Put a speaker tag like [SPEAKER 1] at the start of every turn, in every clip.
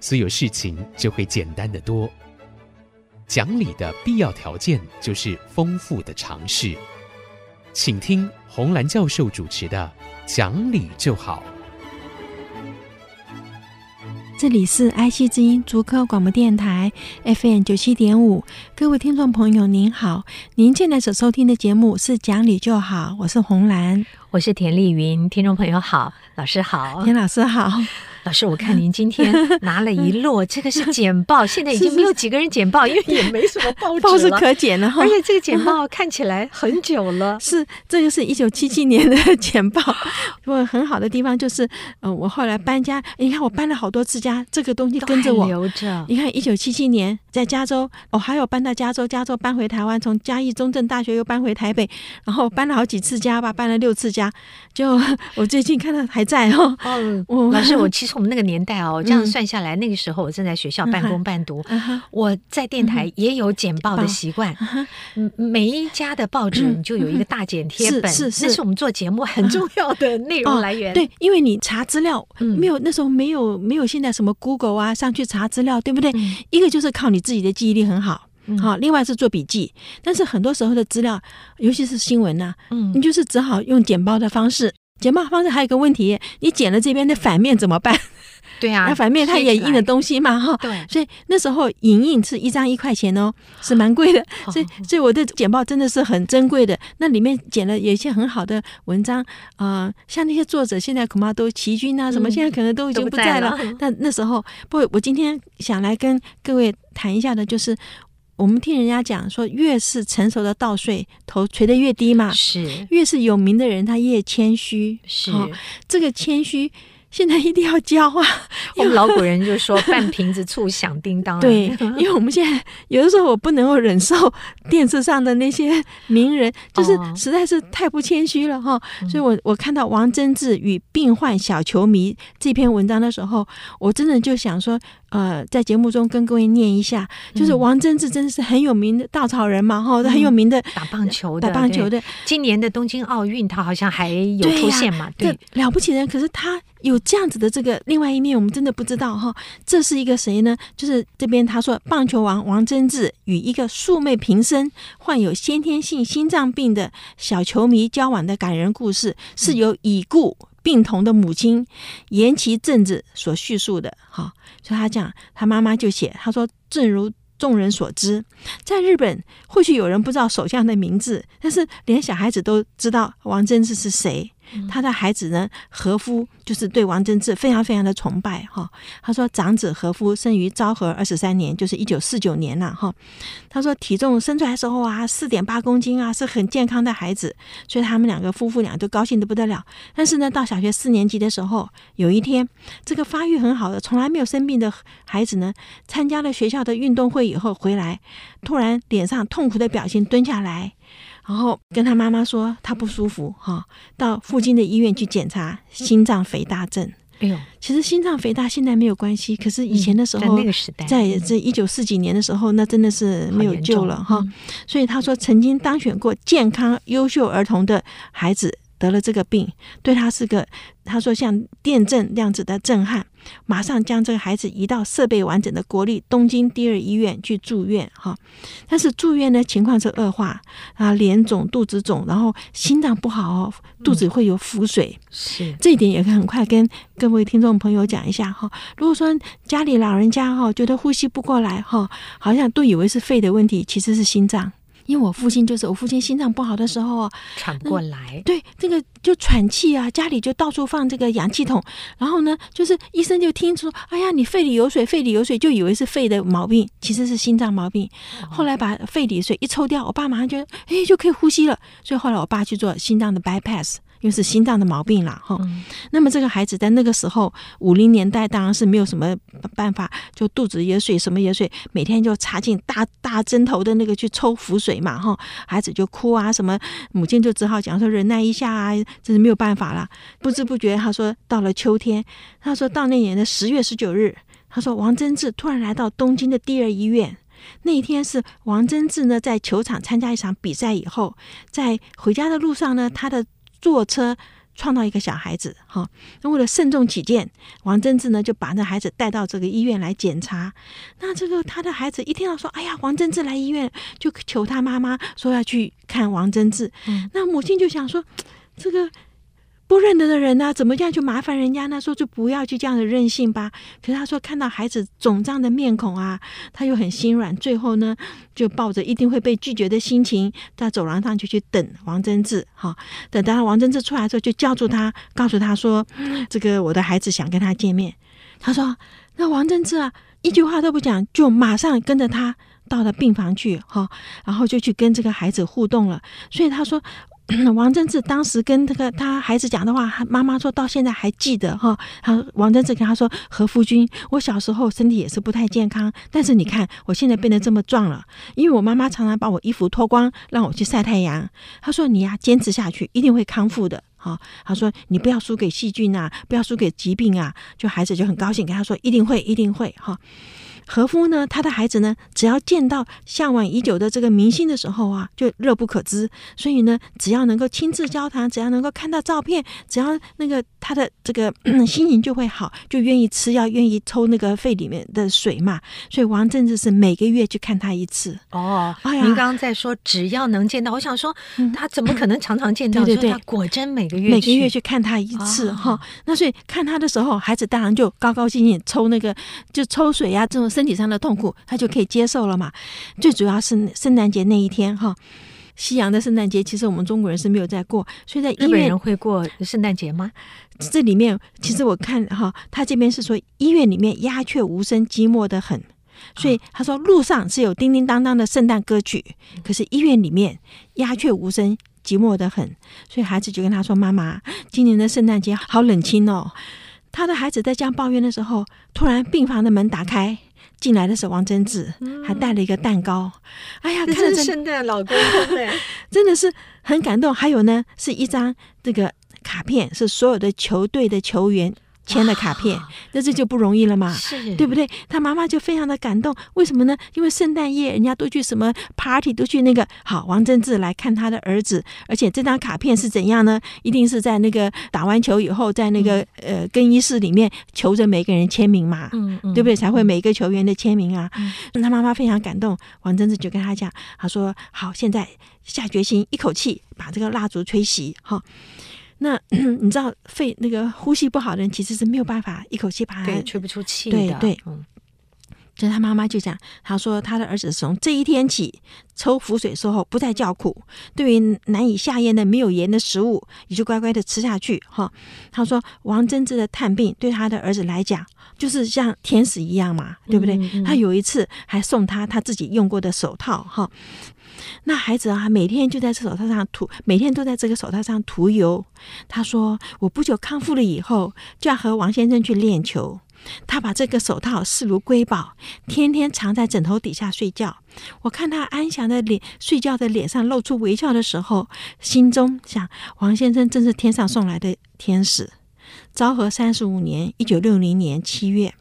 [SPEAKER 1] 所有事情就會簡單的多。講理的必要條件就是豐富的常識。請聽洪蘭教授主持的《講理就好》。
[SPEAKER 2] 這裡是 IC 之音竹科廣播電台 FM 九七點五，各位聽眾朋友您好，您現在所收聽的節
[SPEAKER 1] 目是《講理就好》，我是洪蘭，我是田麗雲，聽眾朋友好，老師好，田老師好。老師，我看您今天拿了一摞，嗯、這個是剪報，嗯，現在已經沒有幾個人剪報，因為也，也沒什麼報紙，報紙可剪了，而且這個剪報看起來很
[SPEAKER 2] 久了。嗯、是，這就、個、是一九七七年的剪報。不過很好的地方就是，呃，我後來搬家，你、呃、看我搬了好多次家，這個東西跟着我都留着。你看一九七七年在加州，哦，還有搬到加州，加州搬回台灣，從嘉義中正大學又搬回台北，然後搬了好幾次家吧，搬了六次家，就、呃、我最近看到還在哦。嗯，
[SPEAKER 1] 老師，我其實。我們那個年代哦，這樣算下來，那個時候我正在學校半工半讀、嗯，我在電台也有剪報的習慣、嗯。每一家的報紙你就有一個大剪貼本、嗯，是是，那是我們做節目很重要的內容來源。哦、對，因為你查
[SPEAKER 2] 資料沒有，那時候沒有沒有現在什麼 Google 啊，上去查資料對不對、嗯？一個就是靠你自己的記憶力很好，好、嗯，另外是做筆記。但是很多時候的資料，尤其是新聞吶，嗯，你就是只好用剪報的方式。剪報方式還有一個問題，你剪了這邊的反面怎麼辦？
[SPEAKER 1] 對啊， 反面它也印的
[SPEAKER 2] 東西嘛哈。對、啊，所以那時候影印是一張一塊錢哦，是蠻貴的、啊。所以，所以我的剪報真的是很珍貴的。那裡面剪了有一些很好的文章啊、呃，像那些作者現在恐怕都齊軍啊什麼、嗯，現在可能都已經不在了。在了但那時候，不，我今天想來跟各位談一下的，就是。我們聽人家講說，越是成熟的稻穗，頭垂得越低嘛。是，越是有名的人，他越謙虛。是、哦，這個謙虛。現在一定要教啊！我們老古人就說“半瓶子醋響叮當”。對，因為我們現在有的時候，我不能夠忍受電視上的那些名人，就是實在是太不謙虛了哈、哦。所以我我看到王貞治與病患小球迷這篇文章的時候，我真的就想說，呃，在節目中跟各位念一下，就是王貞治真的是很有名的稻草人嘛，哈，很有名的打棒球的、打棒球的。
[SPEAKER 1] 今年的東京奧運，他好像還有出現嘛？對、啊，對
[SPEAKER 2] 的了不起人，可是他。有這樣子的這個另外一面，我們真的不知道哈。這是一個誰呢？就是這邊他說，棒球王王貞治與一個素昧平生、患有先天性心臟病的小球迷交往的感人故事，是由已故病童的母親岩崎正子所敘述的哈。所以他講，他媽媽就寫，他說，正如眾人所知，在日本或許有人不知道首相的名字，但是連小孩子都知道王貞治是誰。他的孩子呢，和夫就是對王貞治非常非常的崇拜哈、哦。他說，長子和夫生於昭和二十三年，就是一九四九年吶哈、哦。他說，體重生出來時候啊，四點八公斤啊，是很健康的孩子，所以他們兩個夫婦倆都高興得不得了。但是呢，到小學四年級的時候，有一天，這個發育很好的、從來沒有生病的孩子呢，參加了學校的運動會以後回來，突然臉上痛苦的表情，蹲下來。然後跟他媽媽說他不舒服哈，到附近的醫院去檢查，心臟肥大症。其實心臟肥大現在沒有關係，可是，以前的時候，嗯，在那個時代，在這一九四幾年的時候，那真的是沒有救了哈。所以他說，曾經當選過健康優秀兒童的孩子得了這個病，對他是個他說像電震這樣子的震撼。馬上將這個孩子移到設備完整的國立東京第二醫院去住院哈，但是住院呢情況是惡化啊，然後臉腫、肚子腫，然後心臟不好，肚子會有腹水，嗯、是這一點也很快跟，跟各位聽眾朋友講一下哈。如果說家裡老人家哈覺得呼吸不過來哈，好像都以為是肺的問題，其實是心臟。因為我父親就是我父親心臟不好的時候喘不過來，嗯、對，這、那個就喘氣啊，家裡就到處放這個氧氣桶，然後呢，就是醫生就聽出，哎呀，你肺裡有水，肺裡有水，就以為是肺的毛病，其實是心臟毛病。哦、後來把肺裡水一抽掉，我爸馬上就誒、哎、就可以呼吸了。所以後來我爸去做心臟的 bypass。又是心臟的毛病了哈、嗯，那麼這個孩子在那個時候五零年代，當然是沒有什麼辦法，就肚子也水什麼也水，每天就插進大大針頭的那個去抽腹水嘛哈，孩子就哭啊，什麼母親就只好講說忍耐一下啊，這是沒有辦法了。不知不覺，他說到了秋天，他說到那年的十月十九日，他說王貞治突然來到東京的第二醫院。那一天是王貞治呢在球場參加一場比賽以後，在回家的路上呢，他的。坐車撞到一個小孩子，哈，那為了慎重起見，王貞治呢就把那孩子帶到這個醫院來檢查。那這個他的孩子一聽到說，哎呀，王貞治來醫院，就求他媽媽說要去看王貞治。嗯。那母親就想說，這個。不認得的人呢、啊，怎麼樣就麻煩人家呢？說就不要去這樣的任性吧。可是他說看到孩子腫脹的面孔啊，他又很心軟，最後呢就抱着一定會被拒絕的心情，在走廊上就去等王貞治哈、哦。等到王貞治出來之後，就叫住他，告訴他說：“這個我的孩子想跟他見面。”他說：“那王貞治啊，一句話都不講，就馬上跟着他到了病房去哈、哦，然後就去跟這個孩子互動了。”所以他說。王貞治當時跟這個他孩子講的話，他媽媽說到現在還記得哈。他王貞治跟他說：“何夫君，我小時候身體也是不太健康，但是你看我現在變得這麼壯了，因為我媽媽常常把我衣服脫光，讓我去曬太陽。”他說：“你呀，堅持下去，一定會康復的。”哈，他說：“你不要輸給細菌啊，不要輸給疾病啊。”就孩子就很高興，跟他說：“一定會，一定會。”哈。和夫呢？他的孩子呢？只要見到嚮往已久的這個明星的時候啊，就樂不可支。所以呢，只要能夠親自交談，只要能夠看到照片，只要那個他的這個呵呵，心情就會好，就願意吃藥，願意抽那個肺裡面的水嘛。所以王貞治是
[SPEAKER 1] 每個月去看他一次。哦，哎呀，您剛剛在說只要能見到，我想說他怎麼可能常常見到？嗯、對對對，果真每個月每個月去看他一次哈、哦哦。那所以看
[SPEAKER 2] 他的時候，孩子當然就高高興興抽那個就抽水呀，這種。身體上的痛苦，他就可以接受了嘛？最主要是聖誕節那一天哈，西洋的聖誕節其實我們中國人是沒有在過，所以在醫院日本人會過聖誕節嗎？這裡面其實我看哈，他這邊是說醫院裡面鴉雀無聲，寂寞得很，所以他說路上是有叮叮當當的聖誕歌曲，可是醫院裡面鴉雀無聲，寂寞得很，所以孩子就跟他說：“媽媽，今年的聖誕節好冷清哦。”他的孩子在這樣抱怨的時候，突然病房的門打開。進來的時候王，王貞治還帶了一個蛋糕。
[SPEAKER 1] 嗯、哎呀，這是聖誕老
[SPEAKER 2] 公公，真老公公對、啊、 真的是很感動。還有呢，是一張這個卡片，是所有的球隊的球員簽的卡片，那這就不容易了嘛是，對不對？他媽媽就非常的感動，為什麼呢？因為聖誕夜人家都去什麼 party，都去那個好，王貞治來看他的兒子，而且這張卡片是怎樣呢？一定是在那個打完球以後，在那個、嗯、呃更衣室裡面求着每個人簽名嘛，嗯、對不對？才會每一個球員的簽名啊。那、嗯、他媽媽非常感動，王貞治就跟他講，他說：“好，現在下決心，一口氣把這個蠟燭吹熄，哈。”那你知道肺，那個呼吸不好的人，其實是沒有辦法、嗯、一口氣把它吹不出
[SPEAKER 1] 氣的。對對。嗯
[SPEAKER 2] 就他媽媽就講，他說他的兒子從這一天起抽腹水術後不再叫苦，對於難以下咽的沒有鹽的食物，也就乖乖的吃下去。哈，他說王貞治的探病對他的兒子來講就是像天使一樣嘛，對不對？嗯嗯嗯，他有一次還送他他自己用過的手套，哈，那孩子啊每天就在這手套上塗，每天都在這個手套上塗油。他說我不久康復了以後就要和王先生去練球。他把這個手套視如瑰寶，天天藏在枕頭底下睡覺。我看他安詳的臉，睡覺的臉上露出微笑的時候，心中想：王先生真是天上送來的天使。昭和三十五年（一九六零年）七月，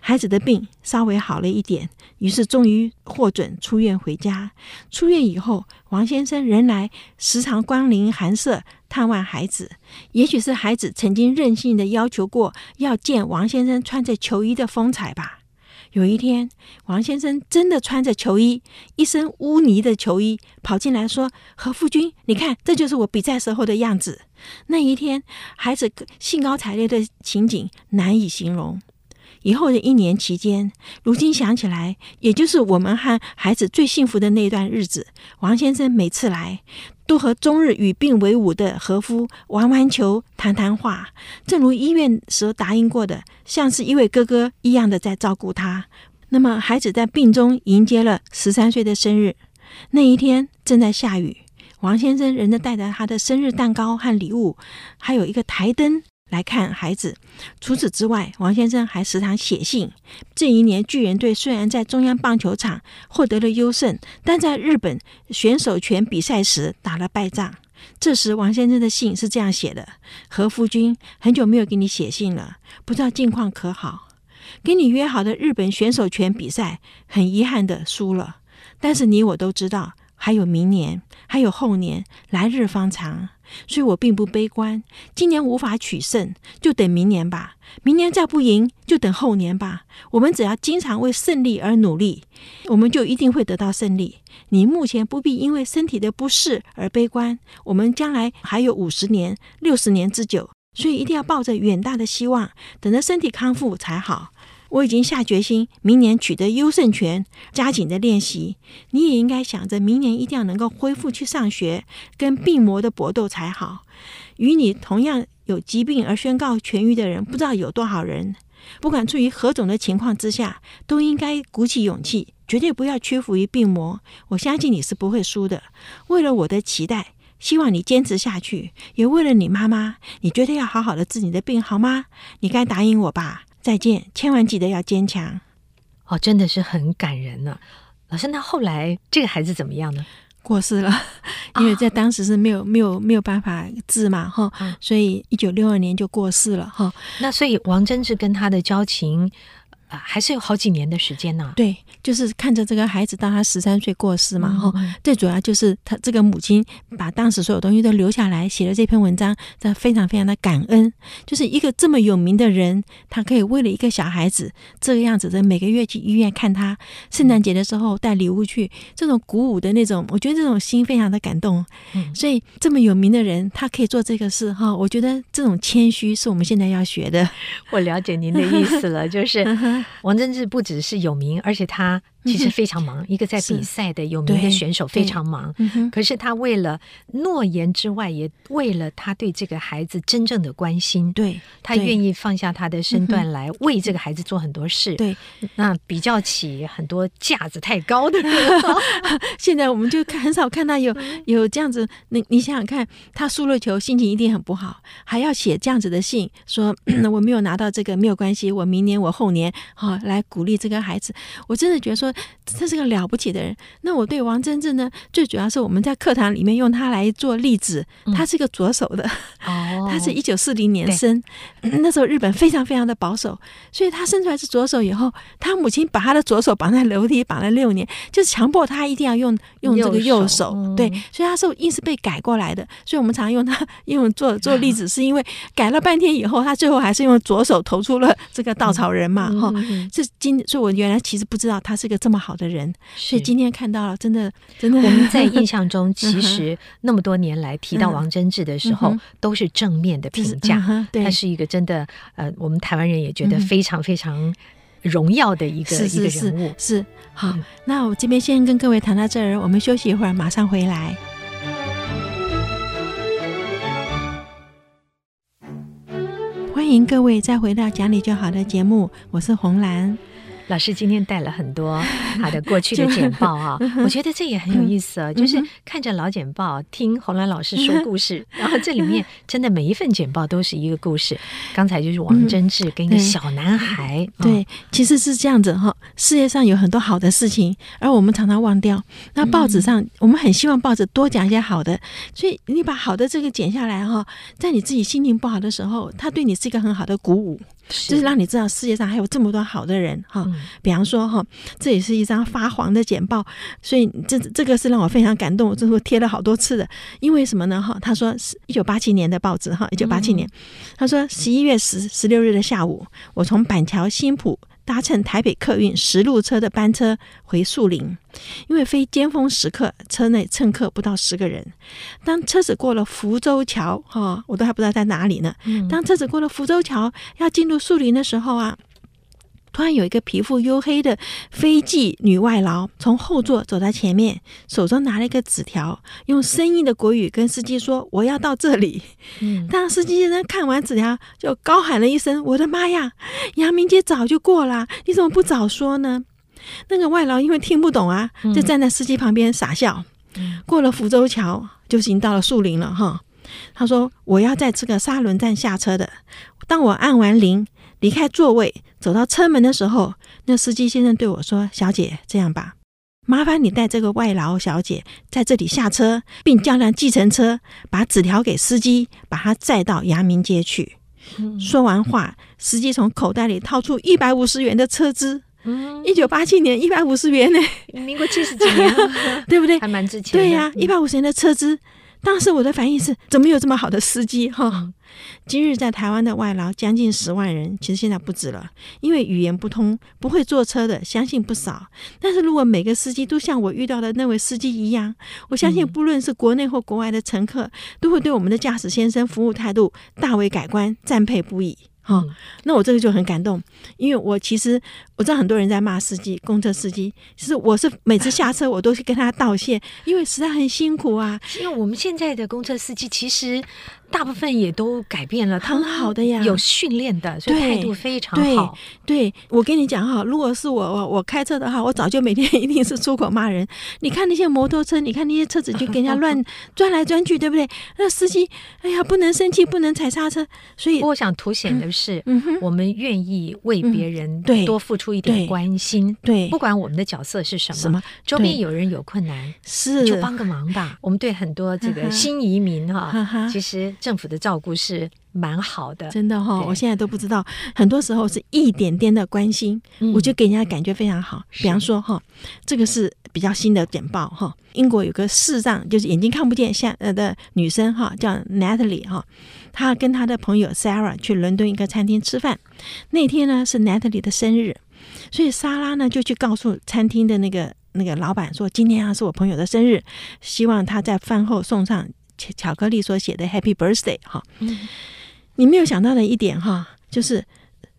[SPEAKER 2] 孩子的病稍微好了一點，於是終於獲准出院回家。出院以後，王先生仍然時常光臨寒舍。探望孩子，也許是孩子曾經任性地要求過要見王先生穿着球衣的風采吧。有一天，王先生真的穿着球衣，一身污泥的球衣跑進來，說：“何夫君，你看，這就是我比賽時候的樣子。”那一天，孩子興高采烈的情景難以形容。以後的一年期間，如今想起來，也就是我們和孩子最幸福的那段日子。王先生每次來，都和終日與病為伍的和夫玩玩球、談談話，正如醫院時候答應過的，像是一位哥哥一樣的在照顧他。那麼，孩子在病中迎接了十三歲的生日，那一天正在下雨。王先生仍然帶着他的生日蛋糕和禮物，還有一個台燈。來看孩子。除此之外，王先生還時常寫信。這一年，巨人隊雖然在中央棒球場獲得了優勝，但在日本選手權比賽時打了敗仗。這時，王先生的信是這樣寫的：“何夫君很久沒有給你寫信了，不知道近況可好？跟你約好的日本選手權比賽，很遺憾的輸了。但是你我都知道，還有明年，還有後年，來日方長。”所以我並不悲觀，今年無法取勝，就等明年吧；明年再不贏，就等後年吧。我們只要經常為勝利而努力，我們就一定會得到勝利。你目前不必因為身體的不適而悲觀，我們將來還有五十年、六十年之久，所以一定要抱着遠大的希望，等着身體康復才好。我已經下決心，明年取得優勝權，加緊的練習。你也應該想着，明年一定要能夠恢復去上學，跟病魔的搏鬥才好。與你同樣有疾病而宣告痊愈的人，不知道有多少人。不管處於何種的情況之下，都應該鼓起勇氣，絕對不要屈服於病魔。我相信你是不會輸的。為了我的期待，希望你堅持下去，也為了你媽媽，你絕對要好好的治你的病，好嗎？你
[SPEAKER 1] 該答應我吧。再見，千萬記得要堅強。哦，真的是很感人呢、啊，老師。那後來這個孩子怎麼樣呢？過世了，因為在當時是沒有、啊、沒有沒有辦法治嘛，哈、哦，所以一九六二年就過世了，哈、哦嗯。那所以王貞治跟他的交情。還是有好幾年的時間呢？對，就是
[SPEAKER 2] 看着這個孩子到他十三歲過世嘛，哈、嗯，最主要就是他這個母親把當時所有東西都留下來，寫了這篇文章，他非常非常的感恩。就是一個這麼有名的人，他可以為了一個小孩子這個樣子的，每個月去醫院看他，聖誕節的時候帶禮物去，嗯，這種鼓舞的那種，我覺得這種心非常的感動。嗯，所以
[SPEAKER 1] 這麼有名的人，他可以做這個事哈，我覺得這種謙虛是我們現在要學的。我了解您的意思了， 就是。 王貞治不只是有名，而且他，其實非常忙，一個在比賽的有名的選手非常忙，嗯。可是他為了諾言之外，也為了他對這個孩子真正的關心，對，對他願意放下他的身段來為這個孩子做很多事。嗯，對。那比較起很多架子太高的， 現在我們就看很少看到有有這樣子。你你想
[SPEAKER 2] 想看，他輸了球，心情一定很不好，還要寫這樣子的信，說我沒有拿到這個沒有關係，我明年我後年好、哦、來鼓勵這個孩子。我真的覺得說。他是個了不起的人。那我對王貞治呢？最主要是我們在課堂裡面用他來做例子。嗯、他是個左手的，哦、他是一九四零年生，嗯。那時候日本非常非常的保守，所以他生出來是左手以後，他母親把他的左手綁在樓梯綁了六年，就是強迫他一定要用用這個右手。右手嗯、對，所以他是硬是被改過來的。所以我們常用他用做做例子、啊，是因為改了半天以後，他最後還是用左手投出了這個稻草人嘛。哈、嗯，這、嗯嗯哦、今所以我原來其實不知道他是個。這麼好的
[SPEAKER 1] 人，是今天看到了，真的， 我們在印象中，其實那麼多年來提到王貞治的時候，都是正面的評價。對，他是一個真的，呃，我們台灣人也覺得非常非常榮耀的一個一個人物。是，是，好，那我這邊先跟各位談到這兒，我們休息一會兒，馬上回來。
[SPEAKER 2] 歡迎各位再
[SPEAKER 1] 回到《講理就好》的節目，我是洪蘭。老師今天帶了很多好的過去的簡報啊，我覺得這也很有意思啊。就是看着老簡報，聽洪蘭老師說故事，然後這裡面真的每一份簡報都是一個故事。剛才就是王貞治跟一個小男孩，哦嗯，對，其實是這樣子哈。世界上有很多好的事
[SPEAKER 2] 情，而我們常常忘掉。那報紙上，我們很希望報紙多講一些好的，所以你把好的這個剪下來哈，在你自己心情不好的時候，他對你是一個很好的鼓舞。就是讓你知道世界上還有這麼多好的人哈，比方說哈，這也是一張發黃的剪報，所以這這個是讓我非常感動，我最後貼了好多次的。因為什麼呢哈？他說是一九八七年的報紙哈，一九八七年，他說十一月十十六日的下午，我從板橋新埔。搭乘台北客運十路車的班車回樹林，因為非尖峰時刻，車內乘客不到十個人。當車子過了福州橋，哈，我都還不知道在哪裡呢。當車子過了福州橋，要進入樹林的時候啊。突然有一個皮膚黝黑的非裔女外勞從後座走到前面，手中拿了一個紙條，用生硬的國語跟司機說：“我要到這裡。”當司機先生看完紙條就高喊了一聲：“我的媽呀！陽明街早就過啦！你怎麼不早說呢？”那個外勞因為聽不懂啊，就站在司機旁邊傻笑。過了福州橋，就已經到了樹林了哈。他說：“我要在這個沙崙站下車的。”當我按完鈴，離開座位，走到車門的時候，那司機先生對我說：“小姐，這樣吧，麻煩你帶這個外勞小姐在這裡下車，並叫輛計程車，把紙條給司機，把她載到陽明街去。嗯”說完話，司機從口袋裡掏出一百五十元的車資。
[SPEAKER 1] 嗯，
[SPEAKER 2] 一九八七年一百五十元呢、
[SPEAKER 1] 欸，民國七十幾
[SPEAKER 2] 年，對不對？還蠻值錢。對呀、啊，一百五十元的車資，當時我的反應是：怎麼有這麼好的司機？哈。今日在台灣的外勞將近十萬人，其實現在不止了，因為語言不通，不會坐車的相信不少。但是如果每個司機都像我遇到的那位司機一樣，我相信不論是國內或國外的乘客，嗯、都會對我們的駕駛先生服務態度大為改觀，贊佩不已。哈、哦嗯，那我這個就很感動，因為我其實我知道很多人在罵司機、公車司機，其實
[SPEAKER 1] 我是每次下車我都去跟他道謝、啊，因為實在很辛苦啊。因為我們現在的公車司機其實。大部分也都改變了，他很，很好的呀，有訓練的，所以態度非常好。對，
[SPEAKER 2] 對對我跟你講哈，如果是我我，我開車的話，我早就每天一定是出口罵人。你看那些摩托車，你看那些車子就給人家亂鑽來鑽去， 對不對？
[SPEAKER 1] 那司機，哎呀，不能生氣，不能踩剎車。所以，我想凸顯的是，嗯嗯哼，我們願意為別人對多付出一點關心，嗯對，對，不管我們的角色是什麼，什麼周邊有人有困難，是就幫個忙吧。我們對很多這個新移民哈， 其實。政府的照顧是蠻好的，真的哈、哦！我現在
[SPEAKER 2] 都不知道，很多時候是一點點的關心，嗯、我就給人家感覺非常好。比方說哈，這個是比較新的簡報哈，英國有個視障，就是眼睛看不見像呃的女生哈，叫 Natalie 哈，她跟她的朋友 Sarah 去倫敦一個餐廳吃飯，那天呢是 Natalie 的生日，所以 Sarah 呢就去告訴餐廳的那個那個老闆說，今天啊是我朋友的生日，希望她在飯後送上巧克力所寫的 Happy Birthday 哈，你沒有想到的一點哈，就是。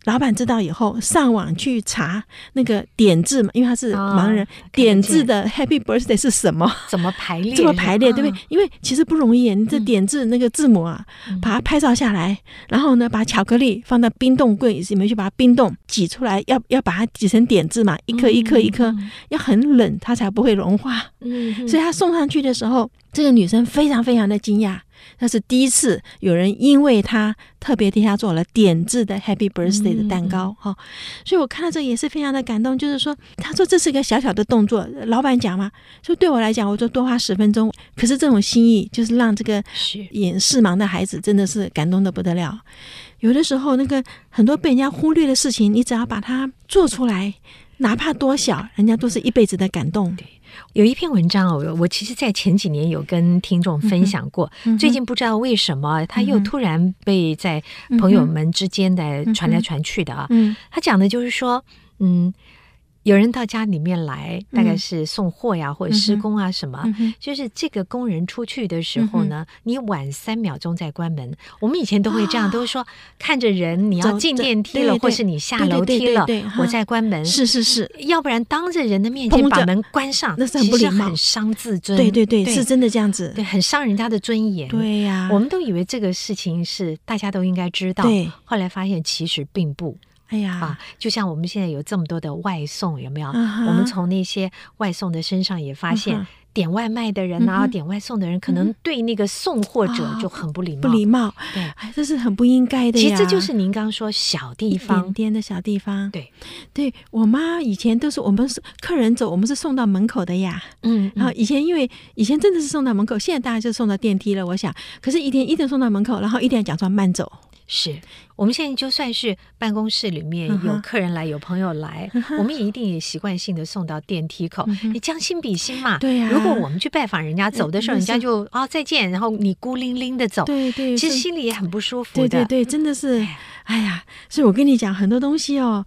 [SPEAKER 2] 老闆知道以後，上網去查那個點字嘛，因為他是盲人，哦、點字的 Happy Birthday 是什麼？怎麼排列？怎麼排列？對不對，嗯？因為其實不容易，你這點字那個字母啊，把它拍照下來，嗯、然後呢，把巧克力放到冰凍櫃裡面去把它冰凍，擠出來要要把它擠成點字嘛，一顆一顆一顆，嗯、一顆要很冷它才不會融化，嗯嗯。
[SPEAKER 1] 所以他送
[SPEAKER 2] 上去的時候，嗯，這個女生非常非常的驚訝。那是第一次有人因為他特別替他做了點字的 Happy Birthday 的蛋糕哈、嗯哦，所以我看到這也是非常的感動。就是說，他說這是一個小小的動作。老闆講嘛，就對我來講，我就多花十分鐘。可是這種心意，就是讓這個眼視盲的孩子真的是感動得不得了。有的時候，那個很多
[SPEAKER 1] 被人家忽略的事情，你只要把它做出來，哪怕多小，人家都是一輩子的感動。對，有一篇文章哦，我我其實在前幾年有跟聽眾分享過，嗯嗯、最近不知道為什麼他又突然被在朋友們之間的傳來傳去的啊。他、嗯嗯嗯嗯、講的就是說，嗯。有人到家裡面來，大概是送貨呀，嗯、或者施工啊什麼、嗯嗯。就是這個工人出去的時候呢，嗯、你晚三秒鐘再關門、嗯。我們以前都會這樣，啊、都說看着人你要進電梯了對對對，或是你下樓梯了，對對對對對我再關門。是是是，要不然當着人的面就把門關上，那是很不好，很傷自尊。對，對對對，對，是真的這樣子，對，很傷人家的尊嚴。對呀、啊，我們都以為這個事情是大家都應該知道對，後來發現其實並不。哎呀、啊，就像我們現在有這麼多的外送，有沒有？嗯、我們從那些外送的身上也發現。嗯點外賣的人，然後點外送的人、嗯，可能對那個送貨者就很不禮貌，哦、不禮貌，對，這是很不應該的呀。其實這就是您剛剛說小
[SPEAKER 2] 地方，點，點的小地方。對，對我媽以前都是我們客人走，我們是送到門口的呀。嗯，然後以前因為以前真的是送到門口，現在大家就送到電梯了。我
[SPEAKER 1] 想，可是一定一定送到門口，然後一定講說慢走。是我們現在就算是辦公室裡面有客人來，嗯、有朋友來、嗯，我們也一定也習慣性的送到電梯口。嗯、你將心比心嘛，對呀、啊。過我們去拜訪人家，走的時候、嗯嗯、人家就啊、哦、再見，然後你孤零零的走，對對，其實心裡也很不舒服的，對對對，真的是，哎呀，是我
[SPEAKER 2] 跟你講，很多東西哦，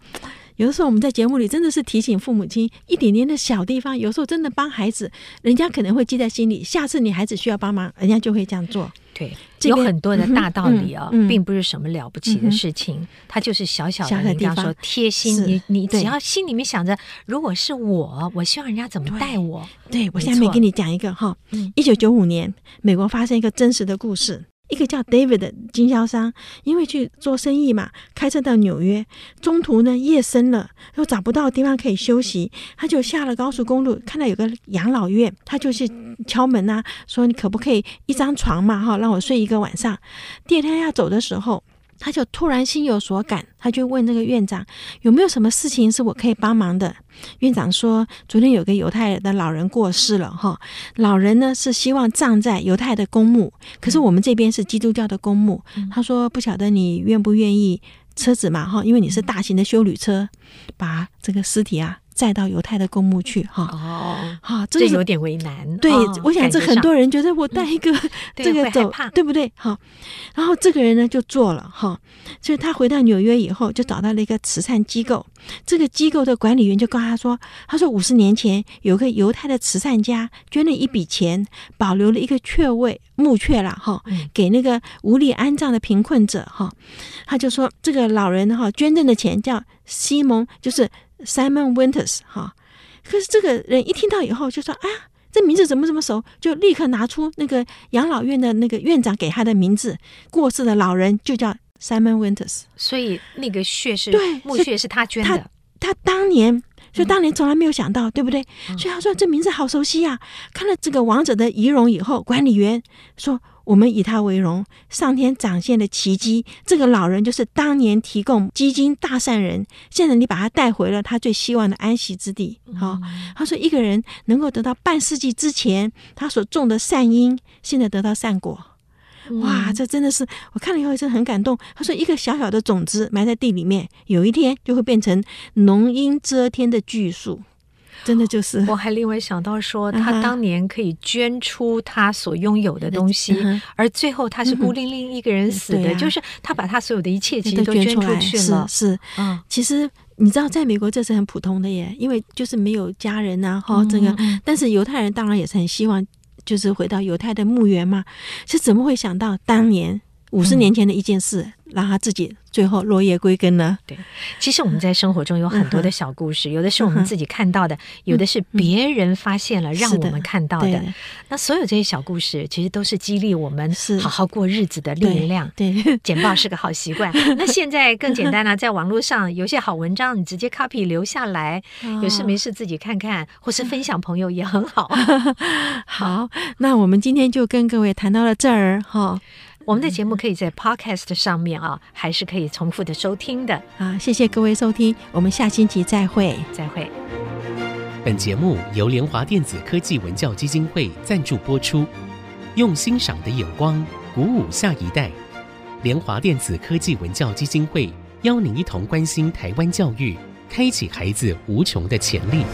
[SPEAKER 2] 有的時候我們在節目裡真的是提醒父母親一點點的小地方，有時候真的幫孩子，人家可能會記在心裡，下次你孩子需要幫忙，人家就會這樣做。
[SPEAKER 1] 對，有很多的大道理啊、哦嗯嗯嗯，並不是什麼了不起的事情，嗯、它就是小小的地方，說貼心，你你只要心裡面想着，如果是我，我希望人家怎麼待我。對，對我下面給你講一個哈，一九九五年，
[SPEAKER 2] 美國發生一個真實的故事。嗯一個叫 David 的經銷商，因為去做生意嘛，開車到紐約，中途呢，夜深了，又找不到地方可以休息，他就下了高速公路，看到有個養老院，他就去敲門吶、啊，說你可不可以一張牀嘛，哈、哦，讓我睡一個晚上。第二天要走的時候，他就突然心有所感，他就問那個院長，有沒有什麼事情是我可以幫忙的？院長說，昨天有個猶太的老人過世了，哈，老人呢是希望葬在猶太的公墓，可是我們這邊是基督教的公墓。他說不曉得你願不願意車子嘛，哈，因為你是大型的休旅車，把這個屍體啊。再到猶太的公墓去哈
[SPEAKER 1] 哦，好、哦，這，這，這有點為難。對、哦，我想這很多人
[SPEAKER 2] 覺得我帶一個這個走，走、嗯，對不對？哈、哦，然後這個人呢就做了哈、哦，所以他回到紐約以後，就找到了一個慈善機構、嗯。這個機構的管理員就告訴他說：“他說五十年前有個猶太的慈善家捐了一筆錢，嗯、保留了一個缺位墓穴了哈、哦，給那個無力安葬的貧困者哈、哦。他就說這個老人哈、哦、捐贈的錢叫西蒙，就是。” Simon Winters，哈、哦，可是這個人一聽到以後就說：“啊，這名字怎麼這麼熟？”就立刻拿出那個養老院的那個院長給他的名字，過世的老人就叫 Simon Winters，
[SPEAKER 1] 所以那個血是對，墓穴是
[SPEAKER 2] 他捐的。他當年，就、嗯、當年從來沒有想到，對不對？所以他說：“這名字好熟悉呀、啊！”看了這個王者的遺容以後，管理員說。我們以他為榮，上天展現的奇蹟。這個老人就是當年提供基金大善人，現在你把他帶回了他最希望的安息之地。好、嗯哦，他說一個人能夠得到半世紀之前他所種的善因，現在得到善果。哇，嗯、這真的是我看了以後也是很感動。他說一個小小的種子埋在地裡面，
[SPEAKER 1] 有一天就會變成濃蔭遮天的巨樹。真的就是，我還另外想到說，他當年可以捐出他所擁有的東西，嗯啊、而最後他是孤零零一個人死的。嗯嗯啊，就是他把他所有的一切其實都捐出去了。來是是，
[SPEAKER 2] 嗯，其實你知道，在美國這是很普通的耶，因為就是沒有家人吶，哈，這個嗯嗯。但是猶太人當然也是很希望，就是回到猶太的墓園嘛，是怎
[SPEAKER 1] 麼會想到當年？嗯五十年前的一件事，讓、嗯、他自己最後落葉歸根呢？對，其實我們在生活中有很多的小故事，嗯、有的是我們自己看到的，嗯、有的是別人發現了、嗯、讓我們看到的，是的，對的。那所有這些小故事，其實都是激勵我們是好好過日子的力量，是是對。對，簡報是個好習慣。 那現在更簡單了、啊，在網絡上有些好文章，你直接 copy 留下來、哦，有事沒事自己看看，或是分享朋友也很好。嗯、 好， 好，那我們今天就跟各位談到了這兒哈。哦我們的節目可以在 Podcast 上面啊，還是可以重複的收聽的啊！謝謝各位收聽，我們下星期再會，再會。本節目由聯華電子科技文教基金會贊助播出，用欣賞的眼光鼓舞下一代。聯華電子科技文教基金會邀您一同關心台灣教育，開啟孩子無窮的潛力。